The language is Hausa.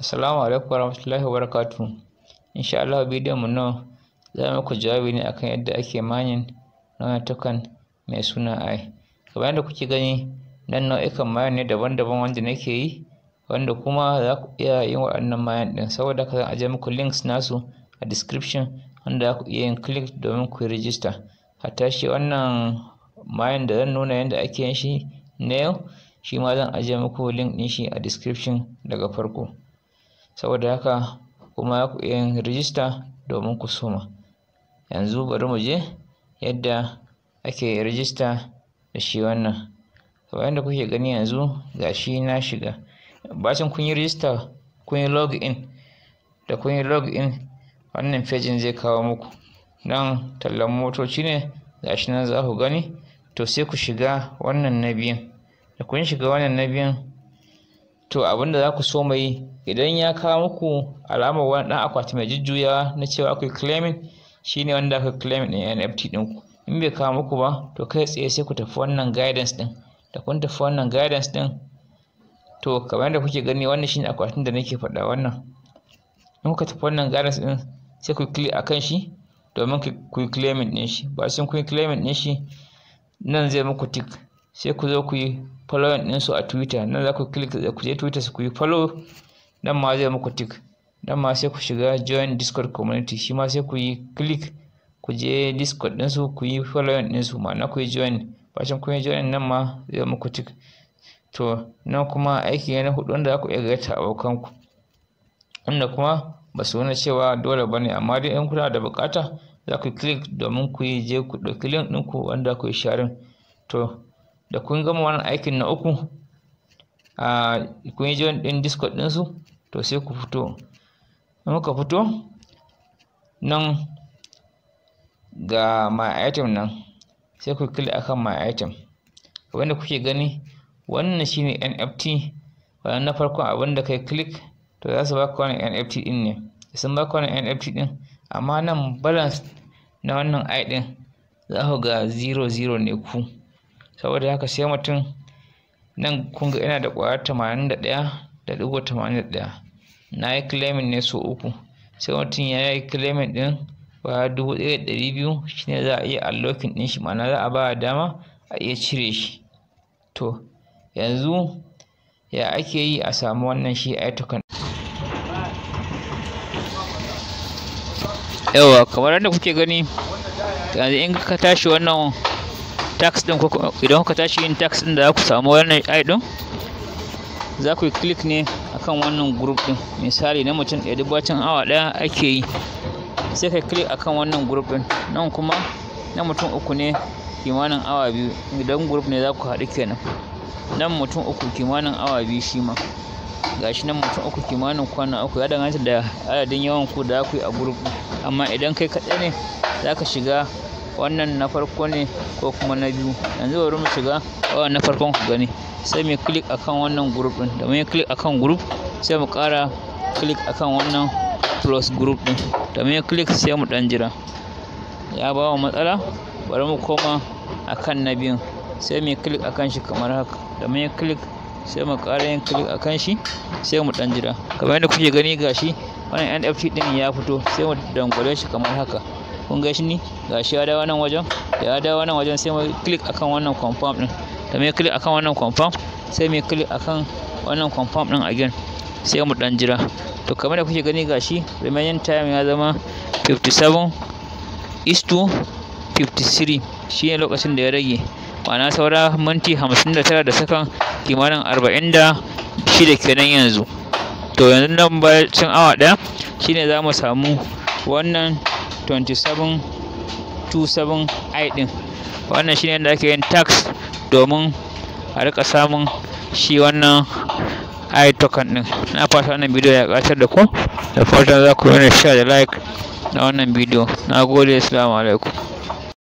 Assalamu alaikum warahmatullahi wabarakatuh. Insha Allah bidiyon mu na za mu ku jawabi ne akan yadda ake mayin na mai suna AI. Kamar yadda kuke gani nan nau'ikan mayan ne daban-daban wanda nake yi wanda kuma za ku iya yin waɗannan mayan ɗin saboda haka zan aje muku links nasu a description wanda za ku iya yin click domin ku yi register. Hatta shi wannan mayan da zan nuna yadda ake yin shi na yau shi ma zan aje muku link ɗin shi a description daga farko. saboda haka kuma ya ku yin rijista domin ku soma yanzu bari mu je yadda ake rijista da shi wannan kamar yadda kuke gani yanzu ga shi na shiga bacin kun yi rijista kun yi log in da kun yi log in wannan fejin zai kawo muku nan tallan motoci ne ga shi nan za ku gani to sai ku shiga wannan na biyan. da kun shiga wannan na biyan. to abinda za ku so mai idan ya kawo muku alamar wani dan akwati mai jujjuya na cewa ku claiming shine wanda aka claim din NFT din ku in bai kawo muku ba to kai tsaye sai ku tafi wannan guidance din da kun tafi wannan guidance din to kamar yadda kuke gani wannan shine akwatin da nake faɗa wannan in kuka tafi wannan guidance din sai ku click akan shi domin ku claiming din shi ba sun kun claiming din shi nan zai muku tick sai ku zo ku yi following ɗinsu a twitter nan za ku click ku je twitter ku yi follow nan ma zai muku tick nan ma sai ku shiga join discord community shi ma sai ku yi click ku je discord ɗinsu ku yi following ɗinsu ma'ana ku yi join bacin ku yi join nan ma zai muku tick to nan kuma aiki ne na hudu wanda za ku iya gaita ku? wanda kuma ba su wani cewa dole ba ne amma dai in kuna da bukata za ku click domin ku yi je ku ɗauki link ɗinku wanda ku yi sharing to da kun gama wannan aikin na uku a kun yi join din discord ɗinsu to sai ku fito in muka fito nan ga my item nan sai ku click akan my item wanda kuke gani wannan shine NFT wannan na farkon abin da kai click to za su baka wannan NFT din ne sun baka wannan NFT din amma nan balance na wannan i din za ku ga 00 ne ku saboda haka sai mutum nan kun ga yana da ƙwayar tamanin da ɗaya da ɗigo tamanin da ɗaya na yi claiming ne sau uku sai mutum ya yi claiming ɗin kwaya dubu ɗaya da ɗari biyu shi ne za a iya allokin ɗin shi ma'ana za a ba dama a iya cire shi to yanzu ya ake yi a samu wannan shi a tukan yawa kamar yadda kuke gani yanzu in ka tashi wannan tax din idan kuka tashi yin tax din da za ku samu wannan ai din za ku yi click ne akan wannan group din misali na mutum ɗaya dubacin awa ɗaya ake yi sai ka click akan wannan group din nan kuma na mutum uku ne kimanin awa biyu idan group ne za ku haɗu kenan nan mutum uku kimanin awa biyu shi ma gashi nan mutum uku kimanin kwana uku ya danganta da adadin yawan ku da ku yi a group amma idan kai kaɗai ne za ka shiga wannan na farko ne ko kuma na biyu yanzu bari mu shiga awa na farkon ku gani sai mu click akan wannan group din da mun click akan group sai mu ƙara click akan wannan plus group din da yi click sai mu dan jira ya ba mu matsala bari mu koma akan na biyun sai mu click akan shi kamar haka da yi click sai mu ƙara yin click akan shi sai mu dan jira kamar yadda kuke gani gashi wannan NFT din ya fito sai mu dangwale shi kamar haka kun ga shi ne shi ya dawo nan wajen da ya dawo nan wajen sai mu click akan wannan confirm din da mai click akan wannan confirm sai mu click akan wannan confirm din again sai mu dan jira to kamar da kuke gani gashi remaining time ya zama 57 is to 53 shi ne lokacin da ya rage ma'ana saura minti 59 da sakan kimanin 46 kenan yanzu to yanzu nan bayan awa daya shine za mu samu wannan 27 i din wannan shine yadda ake yin tax domin a rika samun shi wannan i token din na fata wannan bidiyo ya kasar da ku da fatan za ku yi share da like na wannan bidiyo na gode assalamu alaikum